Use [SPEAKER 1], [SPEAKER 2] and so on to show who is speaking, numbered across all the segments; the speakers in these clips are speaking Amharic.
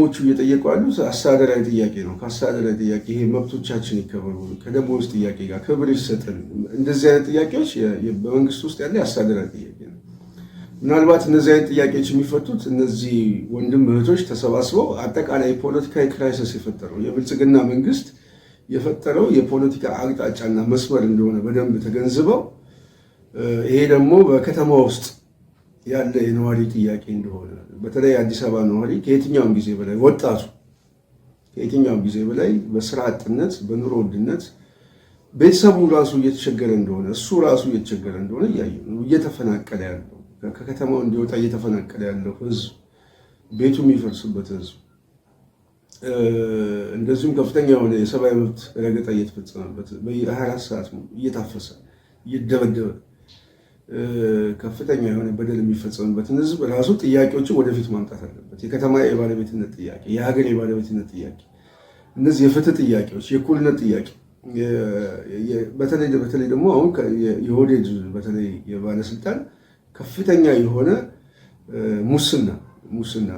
[SPEAKER 1] ወንድሞቹ እየጠየቁ ያሉ አስተዳደራዊ ጥያቄ ነው። ከአስተዳደራዊ ጥያቄ ይሄ መብቶቻችን ይከበሩ፣ ከደሞዝ ጥያቄ ጋር ክብር ይሰጠን፣ እንደዚህ አይነት ጥያቄዎች በመንግስት ውስጥ ያለ አስተዳደራዊ ጥያቄ ነው። ምናልባት እነዚህ አይነት ጥያቄዎች የሚፈቱት እነዚህ ወንድም እህቶች ተሰባስበው አጠቃላይ ፖለቲካዊ ክራይሰስ የፈጠረው የብልጽግና መንግስት የፈጠረው የፖለቲካ አቅጣጫና መስመር እንደሆነ በደንብ ተገንዝበው ይሄ ደግሞ በከተማ ውስጥ ያለ የነዋሪ ጥያቄ እንደሆነ በተለይ አዲስ አበባ ነዋሪ ከየትኛውም ጊዜ በላይ ወጣቱ ከየትኛውም ጊዜ በላይ በስራ አጥነት፣ በኑሮ ውድነት ቤተሰቡ ራሱ እየተቸገረ እንደሆነ እሱ ራሱ እየተቸገረ እንደሆነ እያየ ነው። እየተፈናቀለ ያለው ከከተማው እንዲወጣ እየተፈናቀለ ያለው ህዝብ ቤቱ የሚፈርስበት ህዝብ እንደዚሁም ከፍተኛ የሆነ የሰብአዊ መብት ረገጣ እየተፈጸመበት በ 24 ሰዓት እየታፈሰ እየደበደበ ከፍተኛ የሆነ በደል የሚፈጸምበት ህዝብ ራሱ ጥያቄዎችን ወደፊት ማምጣት አለበት። የከተማ የባለቤትነት ጥያቄ፣ የሀገር የባለቤትነት ጥያቄ፣ እነዚህ የፍትህ ጥያቄዎች፣ የእኩልነት ጥያቄ በተለይ በተለይ ደግሞ አሁን የሆዴድ በተለይ የባለስልጣን ከፍተኛ የሆነ ሙስና ሙስና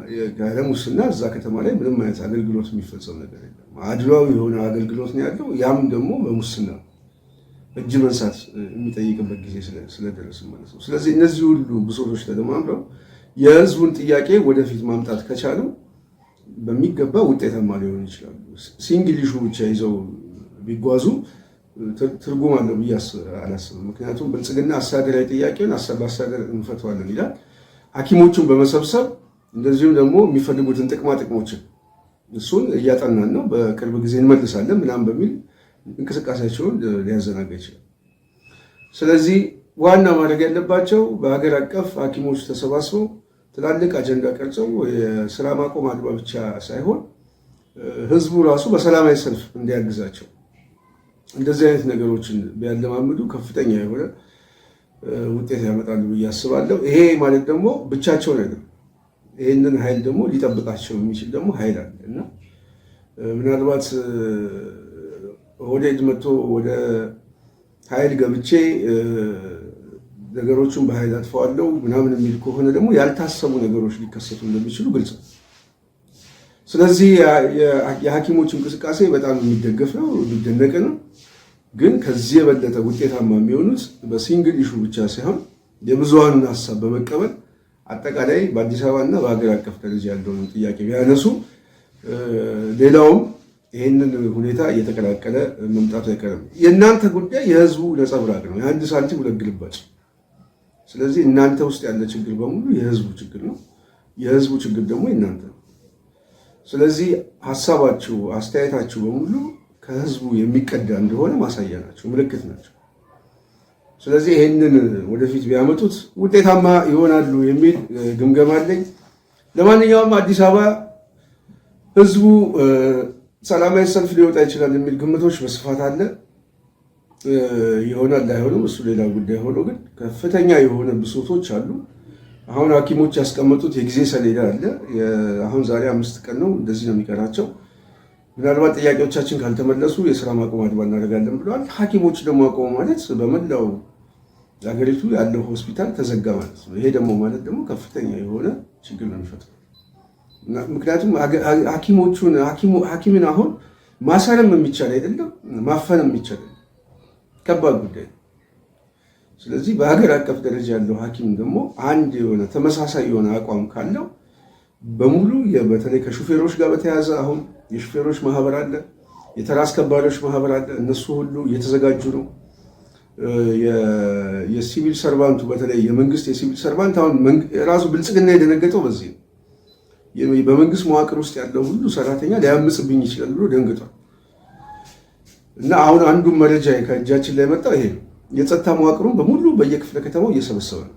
[SPEAKER 1] ያለ ሙስና እዛ ከተማ ላይ ምንም አይነት አገልግሎት የሚፈጸም ነገር የለም። አድሏዊ የሆነ አገልግሎት ነው ያለው። ያም ደግሞ በሙስና ነው። እጅ መንሳት የሚጠይቅበት ጊዜ ስለደረስ ማለት ነው። ስለዚህ እነዚህ ሁሉ ብሶቶች ተደማምረው የህዝቡን ጥያቄ ወደፊት ማምጣት ከቻሉ በሚገባ ውጤታማ ሊሆን ይችላሉ። ሲንግል ብቻ ይዘው ቢጓዙ ትርጉም አለው ብዬ አላስብም። ምክንያቱም ብልጽግና አስተዳደራዊ ጥያቄውን በአስተዳደር እንፈተዋለን ይላል። ሐኪሞቹን በመሰብሰብ እንደዚሁም ደግሞ የሚፈልጉትን ጥቅማ ጥቅሞችን እሱን እያጠናን ነው፣ በቅርብ ጊዜ እንመልሳለን ምናምን በሚል እንቅስቃሴያቸውን ሊያዘናጋ ይችላል። ስለዚህ ዋና ማድረግ ያለባቸው በሀገር አቀፍ ሐኪሞች ተሰባስበው ትላልቅ አጀንዳ ቀርጸው የስራ ማቆም አድማ ብቻ ሳይሆን ህዝቡ ራሱ በሰላማዊ ሰልፍ እንዲያግዛቸው እንደዚህ አይነት ነገሮችን ቢያለማምዱ ከፍተኛ የሆነ ውጤት ያመጣሉ ብዬ አስባለሁ። ይሄ ማለት ደግሞ ብቻቸውን አይደለም። ይህንን ኃይል ደግሞ ሊጠብቃቸው የሚችል ደግሞ ኃይል አለ እና ምናልባት ወደድ መቶ ወደ ኃይል ገብቼ ነገሮቹን በኃይል አጥፈዋለሁ ምናምን የሚል ከሆነ ደግሞ ያልታሰቡ ነገሮች ሊከሰቱ እንደሚችሉ ግልጽ ነው። ስለዚህ የሐኪሞች እንቅስቃሴ በጣም የሚደገፍ ነው፣ የሚደነቅ ነው። ግን ከዚህ የበለጠ ውጤታማ የሚሆኑት በሲንግል ኢሹ ብቻ ሳይሆን የብዙሃኑን ሀሳብ በመቀበል አጠቃላይ በአዲስ አበባ እና በሀገር አቀፍ ደረጃ ያለውን ጥያቄ ቢያነሱ ሌላውም ይህንን ሁኔታ እየተቀላቀለ መምጣቱ አይቀርም። የእናንተ ጉዳይ የህዝቡ ነጸብራቅ ነው፣ የአንድ ሳንቲም ሁለት ግልባጭ። ስለዚህ እናንተ ውስጥ ያለ ችግር በሙሉ የህዝቡ ችግር ነው፣ የህዝቡ ችግር ደግሞ የእናንተ ነው። ስለዚህ ሀሳባችሁ፣ አስተያየታችሁ በሙሉ ከህዝቡ የሚቀዳ እንደሆነ ማሳያ ናቸው፣ ምልክት ናቸው። ስለዚህ ይህንን ወደፊት ቢያመጡት ውጤታማ ይሆናሉ የሚል ግምገማ አለኝ። ለማንኛውም አዲስ አበባ ህዝቡ ሰላማዊ ሰልፍ ሊወጣ ይችላል የሚል ግምቶች በስፋት አለ። ይሆናል አይሆንም፣ እሱ ሌላ ጉዳይ ሆኖ ግን ከፍተኛ የሆነ ብሶቶች አሉ። አሁን ሐኪሞች ያስቀመጡት የጊዜ ሰሌዳ አለ። አሁን ዛሬ አምስት ቀን ነው፣ እንደዚህ ነው የሚቀራቸው። ምናልባት ጥያቄዎቻችን ካልተመለሱ የስራ ማቆም አድማ እናደርጋለን ብለዋል። ሐኪሞች ደግሞ አቆሙ ማለት በመላው ሀገሪቱ ያለው ሆስፒታል ተዘጋ ማለት ነው። ይሄ ደግሞ ማለት ደግሞ ከፍተኛ የሆነ ችግር ነው የሚፈጥረው። ምክንያቱም ሐኪሞቹን ሐኪምን አሁን ማሰርም የሚቻል አይደለም፣ ማፈንም የሚቻል ከባድ ጉዳይ። ስለዚህ በሀገር አቀፍ ደረጃ ያለው ሐኪም ደግሞ አንድ የሆነ ተመሳሳይ የሆነ አቋም ካለው በሙሉ በተለይ ከሹፌሮች ጋር በተያያዘ አሁን የሹፌሮች ማህበር አለ፣ የተራ አስከባሪዎች ማህበር አለ። እነሱ ሁሉ እየተዘጋጁ ነው። የሲቪል ሰርቫንቱ በተለይ የመንግስት የሲቪል ሰርቫንት አሁን ራሱ ብልጽግና የደነገጠው በዚህ ነው። በመንግስት መዋቅር ውስጥ ያለው ሁሉ ሰራተኛ ሊያምጽብኝ ይችላል ብሎ ደንግጧል። እና አሁን አንዱ መረጃ ከእጃችን ላይ መጣ ይሄ ነው። የጸጥታ መዋቅሩን በሙሉ በየክፍለ ከተማው እየሰበሰበ ነው።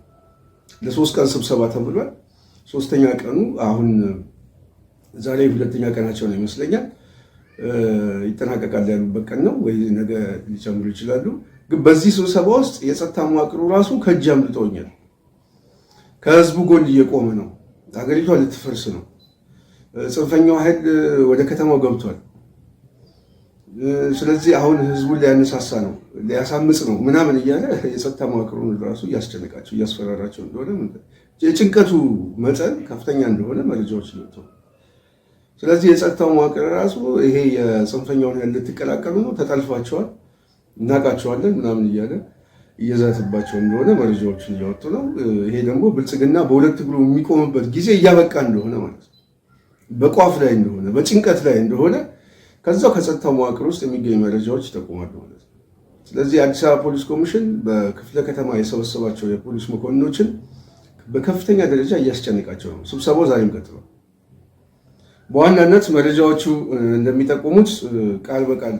[SPEAKER 1] ለሶስት ቀን ስብሰባ ተብሏል። ሶስተኛ ቀኑ አሁን ዛሬ ሁለተኛ ቀናቸው ነው ይመስለኛል። ይጠናቀቃል ያሉበት ቀን ነው ወይ ነገ ሊጨምሩ ይችላሉ። ግን በዚህ ስብሰባ ውስጥ የጸጥታ መዋቅሩ ራሱ ከእጅ አምልጦኛል፣ ከህዝቡ ጎን እየቆመ ነው ሀገሪቷ ልትፈርስ ነው። ጽንፈኛው ኃይል ወደ ከተማው ገብቷል። ስለዚህ አሁን ህዝቡን ሊያነሳሳ ነው፣ ሊያሳምጽ ነው ምናምን እያለ የጸጥታ መዋቅሩን ራሱ እያስጨነቃቸው እያስፈራራቸው እንደሆነ የጭንቀቱ መጠን ከፍተኛ እንደሆነ መረጃዎች መጥተዋል። ስለዚህ የጸጥታው መዋቅር ራሱ ይሄ የጽንፈኛውን ልትቀላቀሉ ነው፣ ተጠልፏቸዋል? እናውቃቸዋለን ምናምን እያለ እየዛትባቸው እንደሆነ መረጃዎችን እያወጡ ነው። ይሄ ደግሞ ብልጽግና በሁለት እግሩ የሚቆምበት ጊዜ እያበቃ እንደሆነ ማለት ነው። በቋፍ ላይ እንደሆነ፣ በጭንቀት ላይ እንደሆነ ከዛው ከጸጥታው መዋቅር ውስጥ የሚገኙ መረጃዎች ይጠቁማሉ ማለት ነው። ስለዚህ አዲስ አበባ ፖሊስ ኮሚሽን በክፍለ ከተማ የሰበሰባቸው የፖሊስ መኮንኖችን በከፍተኛ ደረጃ እያስጨነቃቸው ነው። ስብሰባው ዛሬም ቀጥሏል። በዋናነት መረጃዎቹ እንደሚጠቁሙት ቃል በቃል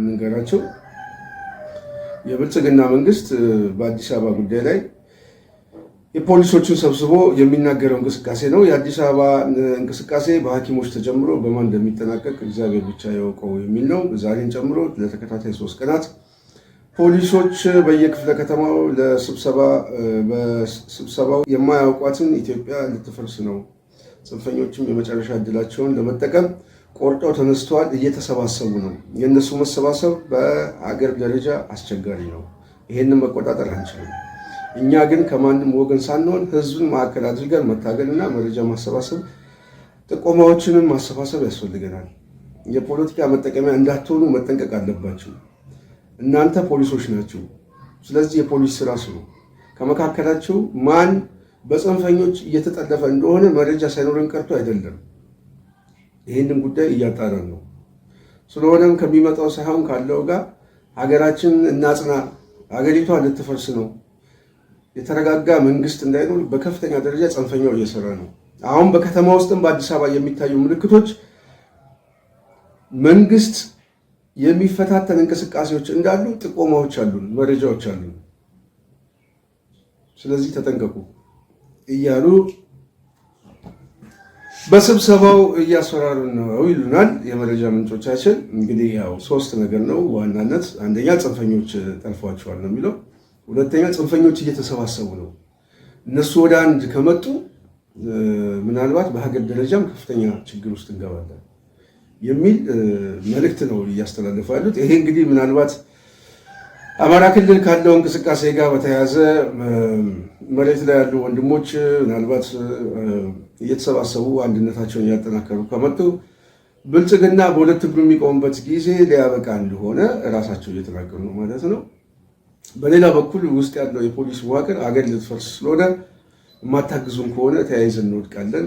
[SPEAKER 1] እንንገራቸው የብልጽግና መንግስት በአዲስ አበባ ጉዳይ ላይ የፖሊሶችን ሰብስቦ የሚናገረው እንቅስቃሴ ነው። የአዲስ አበባ እንቅስቃሴ በሐኪሞች ተጀምሮ በማን እንደሚጠናቀቅ እግዚአብሔር ብቻ ያውቀው የሚል ነው። ዛሬን ጨምሮ ለተከታታይ ሶስት ቀናት ፖሊሶች በየክፍለ ከተማው ለስብሰባ በስብሰባው የማያውቋትን ኢትዮጵያ ልትፈርስ ነው፣ ጽንፈኞችም የመጨረሻ እድላቸውን ለመጠቀም ቆርጠው ተነስተዋል፣ እየተሰባሰቡ ነው። የእነሱ መሰባሰብ በአገር ደረጃ አስቸጋሪ ነው። ይሄንን መቆጣጠር አንችልም። እኛ ግን ከማንም ወገን ሳንሆን ህዝብን ማዕከል አድርገን መታገልና መረጃ ማሰባሰብ፣ ጥቆማዎችንም ማሰባሰብ ያስፈልገናል። የፖለቲካ መጠቀሚያ እንዳትሆኑ መጠንቀቅ አለባችሁ። እናንተ ፖሊሶች ናችሁ። ስለዚህ የፖሊስ ስራ ስሩ። ከመካከላችሁ ማን በጽንፈኞች እየተጠለፈ እንደሆነ መረጃ ሳይኖረን ቀርቶ አይደለም። ይህንን ጉዳይ እያጣረን ነው። ስለሆነም ከሚመጣው ሳይሆን ካለው ጋር ሀገራችን እናጽና፣ ሀገሪቷ ልትፈርስ ነው፣ የተረጋጋ መንግስት እንዳይኖር በከፍተኛ ደረጃ ጽንፈኛው እየሰራ ነው። አሁን በከተማ ውስጥም በአዲስ አበባ የሚታዩ ምልክቶች መንግስት የሚፈታተን እንቅስቃሴዎች እንዳሉ ጥቆማዎች አሉ፣ መረጃዎች አሉ። ስለዚህ ተጠንቀቁ እያሉ በስብሰባው እያስፈራሩን ነው ይሉናል የመረጃ ምንጮቻችን። እንግዲህ ያው ሶስት ነገር ነው ዋናነት። አንደኛ ጽንፈኞች ጠልፏቸዋል ነው የሚለው። ሁለተኛ ጽንፈኞች እየተሰባሰቡ ነው። እነሱ ወደ አንድ ከመጡ ምናልባት በሀገር ደረጃም ከፍተኛ ችግር ውስጥ እንገባለን የሚል መልእክት ነው እያስተላለፉ ያሉት። ይሄ እንግዲህ ምናልባት አማራ ክልል ካለው እንቅስቃሴ ጋር በተያያዘ መሬት ላይ ያሉ ወንድሞች ምናልባት እየተሰባሰቡ አንድነታቸውን እያጠናከሩ ከመጡ ብልጽግና በሁለት እግሩ የሚቆምበት ጊዜ ሊያበቃ እንደሆነ እራሳቸው እየተናገሩ ነው ማለት ነው። በሌላ በኩል ውስጥ ያለው የፖሊስ መዋቅር አገር ልትፈርስ ስለሆነ የማታግዙን ከሆነ ተያይዘን እንወድቃለን፣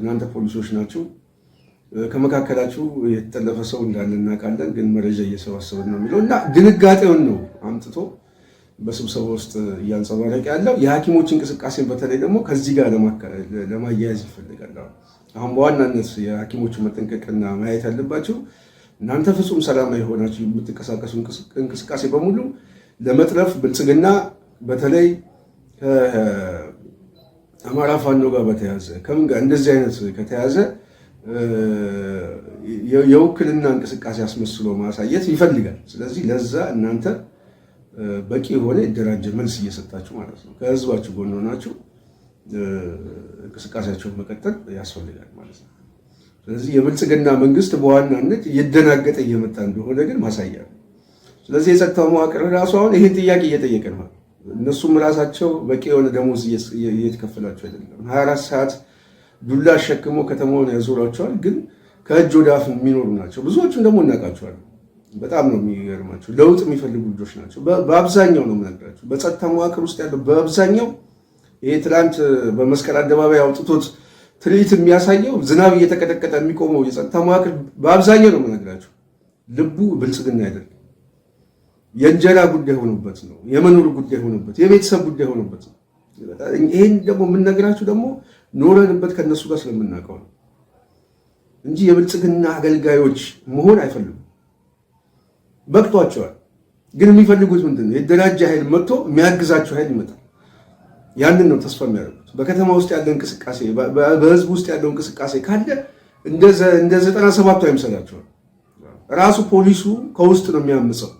[SPEAKER 1] እናንተ ፖሊሶች ናቸው ከመካከላችሁ የተጠለፈ ሰው እንዳለ እናውቃለን፣ ግን መረጃ እየሰባሰብን ነው የሚለው እና ድንጋጤውን ነው አምጥቶ በስብሰባ ውስጥ እያንጸባረቀ ያለው የሐኪሞች እንቅስቃሴን በተለይ ደግሞ ከዚህ ጋር ለማያያዝ ይፈልጋል። አሁን በዋናነት የሐኪሞቹ መጠንቀቅና ማየት ያለባቸው እናንተ ፍጹም ሰላማዊ የሆናችሁ የምትንቀሳቀሱ እንቅስቃሴ በሙሉ ለመጥረፍ ብልጽግና በተለይ ከአማራ ፋኖ ጋር በተያዘ ከምን ጋር እንደዚህ አይነት ከተያዘ የውክልና እንቅስቃሴ አስመስሎ ማሳየት ይፈልጋል። ስለዚህ ለዛ እናንተ በቂ የሆነ የደራጀ መልስ እየሰጣችሁ ማለት ነው። ከህዝባችሁ ጎን ሆናችሁ እንቅስቃሴያቸውን መቀጠል ያስፈልጋል ማለት ነው። ስለዚህ የብልጽግና መንግስት በዋናነት እየደናገጠ እየመጣ እንደሆነ ግን ማሳያ ነው። ስለዚህ የጸጥታው መዋቅር ራሱ አሁን ይህን ጥያቄ እየጠየቀ ነው። እነሱም ራሳቸው በቂ የሆነ ደሞዝ እየተከፈላቸው አይደለም። ሀያ ሰዓት ዱላ ሸክሞ ከተማውን ያዞራቸዋል። ግን ከእጅ ወደ አፍ የሚኖሩ ናቸው። ብዙዎቹም ደግሞ እናውቃቸዋለን። በጣም ነው የሚገርማቸው። ለውጥ የሚፈልጉ ልጆች ናቸው። በአብዛኛው ነው የምነግራቸው። በጸጥታ መዋቅር ውስጥ ያለው በአብዛኛው ይሄ ትናንት በመስቀል አደባባይ አውጥቶት ትርኢት የሚያሳየው ዝናብ እየተቀጠቀጠ የሚቆመው የጸጥታ መዋቅር በአብዛኛው ነው የምነግራቸው። ልቡ ብልጽግና አይደለም። የእንጀራ ጉዳይ ሆኖበት ነው። የመኖር ጉዳይ ሆኖበት፣ የቤተሰብ ጉዳይ ሆኖበት ነው። ይህን ደግሞ የምነግራችሁ ደግሞ ኖረንበት ከነሱ ጋር ስለምናውቀው ነው እንጂ የብልጽግና አገልጋዮች መሆን አይፈልጉም። በቅቷቸዋል። ግን የሚፈልጉት ምንድን ነው? የተደራጀ ኃይል መጥቶ የሚያግዛቸው ኃይል ይመጣል። ያንን ነው ተስፋ የሚያደርጉት። በከተማ ውስጥ ያለ እንቅስቃሴ፣ በህዝብ ውስጥ ያለው እንቅስቃሴ ካለ እንደ ዘጠና ሰባቱ አይምሰላቸዋል። ራሱ ፖሊሱ ከውስጥ ነው የሚያምፀው፣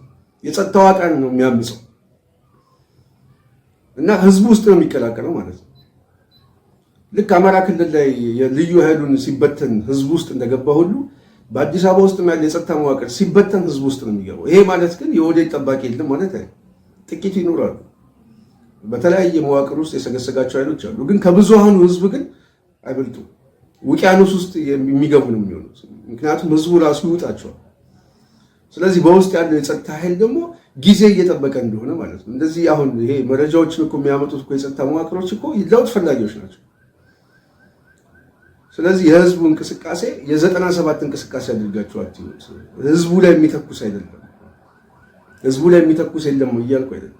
[SPEAKER 1] የጸጥታው አቃን ነው የሚያምፀው። እና ህዝቡ ውስጥ ነው የሚቀላቀለው ማለት ነው። ልክ አማራ ክልል ላይ ልዩ ኃይሉን ሲበተን ህዝቡ ውስጥ እንደገባ ሁሉ በአዲስ አበባ ውስጥ ያለ የጸጥታ መዋቅር ሲበተን ህዝቡ ውስጥ ነው የሚገባው። ይሄ ማለት ግን የወደድ ጠባቂ የለም ማለት አይደለም። ጥቂት ይኖራሉ። በተለያየ መዋቅር ውስጥ የሰገሰጋቸው ኃይሎች አሉ። ግን ከብዙሃኑ ህዝብ ግን አይበልጡም። ውቅያኖስ ውስጥ የሚገቡ ነው የሚሆኑት። ምክንያቱም ህዝቡ ራሱ ይውጣቸዋል። ስለዚህ በውስጥ ያለው የጸጥታ ኃይል ደግሞ ጊዜ እየጠበቀ እንደሆነ ማለት ነው። እንደዚህ አሁን ይሄ መረጃዎችን እኮ የሚያመጡት እኮ የጸጥታ መዋቅሮች እኮ ለውጥ ፈላጊዎች ናቸው። ስለዚህ የህዝቡ እንቅስቃሴ የዘጠና ሰባት እንቅስቃሴ አድርጋችሁ አትዩት። ህዝቡ ላይ የሚተኩስ አይደለም፣ ህዝቡ ላይ የሚተኩስ የለም እያልኩ አይደለም።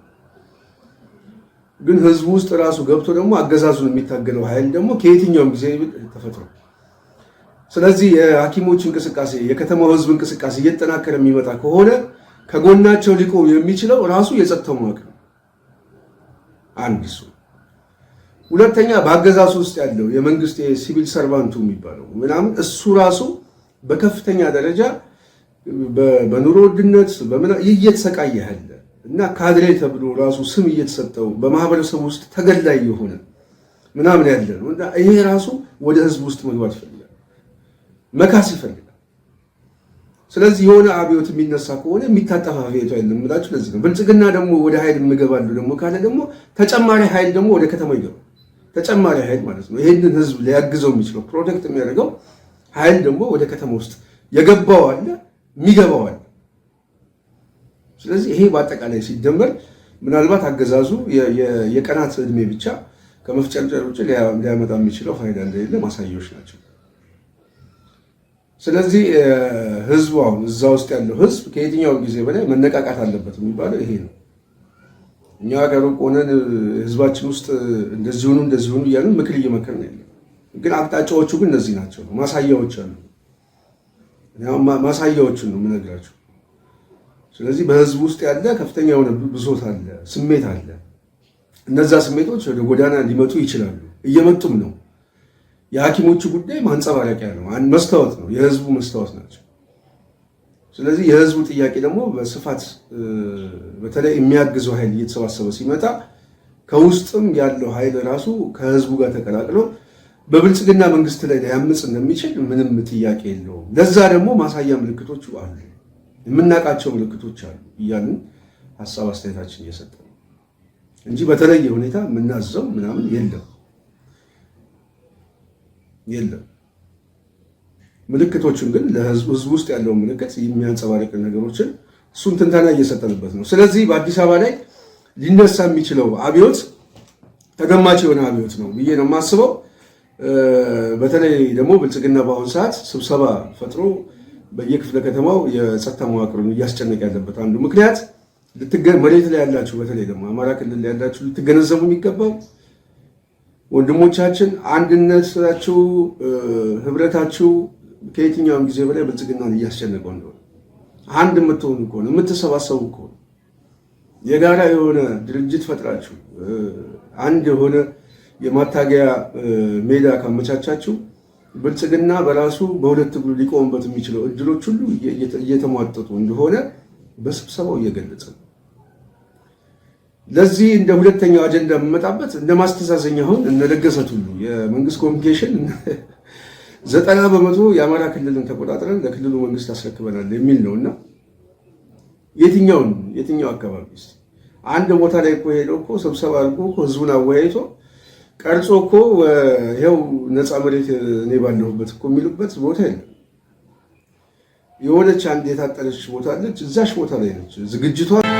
[SPEAKER 1] ግን ህዝቡ ውስጥ ራሱ ገብቶ ደግሞ አገዛዙን የሚታገለው ኃይል ደግሞ ከየትኛውም ጊዜ ተፈጥሯል። ስለዚህ የሐኪሞች እንቅስቃሴ የከተማው ህዝብ እንቅስቃሴ እየተጠናከረ የሚመጣ ከሆነ ከጎናቸው ሊቆም የሚችለው ራሱ የጸጥታው መዋቅር ነው። አንድ እሱ። ሁለተኛ በአገዛዙ ውስጥ ያለው የመንግስት የሲቪል ሰርቫንቱ የሚባለው ምናምን እሱ ራሱ በከፍተኛ ደረጃ በኑሮ ውድነት እየተሰቃየ ያለ እና ካድሬ ተብሎ ራሱ ስም እየተሰጠው በማህበረሰብ ውስጥ ተገላይ የሆነ ምናምን ያለ ነው እና ይሄ ራሱ ወደ ህዝብ ውስጥ መግባት ፈልግ መካስ ይፈልጋል። ስለዚህ የሆነ አብዮት የሚነሳ ከሆነ የሚታጠፋ አብዮት አይደለም የምላችሁ ለዚህ ነው። ብልጽግና ደግሞ ወደ ኃይል የሚገባሉ ደግሞ ካለ ደግሞ ተጨማሪ ኃይል ደግሞ ወደ ከተማ ይገባል። ተጨማሪ ኃይል ማለት ነው። ይህንን ህዝብ ሊያግዘው የሚችለው ፕሮቴክት የሚያደርገው ኃይል ደግሞ ወደ ከተማ ውስጥ የገባው አለ፣ የሚገባው አለ። ስለዚህ ይሄ በአጠቃላይ ሲደመር ምናልባት አገዛዙ የቀናት እድሜ ብቻ ከመፍጨርጨር ውጭ ሊያመጣ የሚችለው ፋይዳ እንደሌለ ማሳያዎች ናቸው። ስለዚህ ህዝቡ አሁን እዛ ውስጥ ያለው ህዝብ ከየትኛው ጊዜ በላይ መነቃቃት አለበት የሚባለው ይሄ ነው። እኛ ከሩቅ ቆነን ህዝባችን ውስጥ እንደዚሁኑ እንደዚሁኑ እያሉ ምክር ነው ያለ ግን አቅጣጫዎቹ ግን እነዚህ ናቸው። ነው ማሳያዎች አሉ። ማሳያዎቹን ነው የምነግራቸው። ስለዚህ በህዝብ ውስጥ ያለ ከፍተኛ የሆነ ብሶት አለ፣ ስሜት አለ። እነዛ ስሜቶች ወደ ጎዳና ሊመጡ ይችላሉ፣ እየመጡም ነው። የሐኪሞቹ ጉዳይ ማንጸባረቂያ ነው፣ መስታወት ነው፣ የህዝቡ መስታወት ናቸው። ስለዚህ የህዝቡ ጥያቄ ደግሞ በስፋት በተለይ የሚያግዘው ኃይል እየተሰባሰበ ሲመጣ ከውስጥም ያለው ኃይል ራሱ ከህዝቡ ጋር ተቀላቅሎ በብልጽግና መንግስት ላይ ሊያምፅ እንደሚችል ምንም ጥያቄ የለውም። ለዛ ደግሞ ማሳያ ምልክቶቹ አሉ፣ የምናውቃቸው ምልክቶች አሉ እያልን ሀሳብ አስተያየታችን እየሰጠ ነው እንጂ በተለየ ሁኔታ የምናዘው ምናምን የለም። የለም። ምልክቶቹን ግን ለህዝብ ውስጥ ያለውን ምልክት የሚያንጸባርቅ ነገሮችን እሱን ትንተና እየሰጠንበት ነው። ስለዚህ በአዲስ አበባ ላይ ሊነሳ የሚችለው አብዮት ተገማች የሆነ አብዮት ነው ብዬ ነው የማስበው። በተለይ ደግሞ ብልጽግና በአሁኑ ሰዓት ስብሰባ ፈጥሮ በየክፍለ ከተማው የጸጥታ መዋቅርን እያስጨነቅ ያለበት አንዱ ምክንያት መሬት ላይ ያላችሁ በተለይ ደግሞ አማራ ክልል ላይ ያላችሁ ልትገነዘቡ የሚገባው ወንድሞቻችን አንድነታችሁ፣ ህብረታችሁ ከየትኛውም ጊዜ በላይ ብልጽግናን እያስጨነቀው እንደሆነ አንድ የምትሆኑ ከሆነ የምትሰባሰቡ ከሆነ የጋራ የሆነ ድርጅት ፈጥራችሁ አንድ የሆነ የማታገያ ሜዳ ካመቻቻችሁ ብልጽግና በራሱ በሁለት እግሩ ሊቆምበት የሚችለው እድሎች ሁሉ እየተሟጠጡ እንደሆነ በስብሰባው እየገለጸ ነው። ለዚህ እንደ ሁለተኛው አጀንዳ የምመጣበት እንደ ማስተሳሰኛ አሁን እነ ሁሉ የመንግስት ኮሚኒኬሽን ዘጠና በመቶ የአማራ ክልልን ተቆጣጥረን ለክልሉ መንግስት አስረክበናል የሚል ነው እና የትኛውን የትኛው አካባቢ ውስጥ አንድ ቦታ ላይ እኮ ሄደው እኮ ስብሰባ አድርጎ እኮ ህዝቡን አወያይቶ ቀርጾ እኮ ይኸው ነፃ መሬት እኔ ባለሁበት እኮ የሚሉበት ቦታ የለም። የሆነች አንድ የታጠለች ቦታ አለች። እዛች ቦታ ላይ ነች ዝግጅቷ